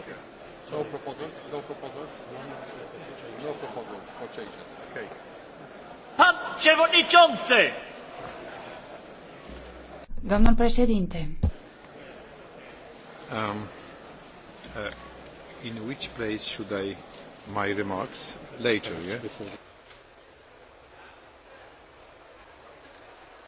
Okay. No proposals? No proposals? No proposals for changes. Okay. Pan Przewodniczący! Domnul președinte. Um, uh, in which place should I my remarks later, yeah?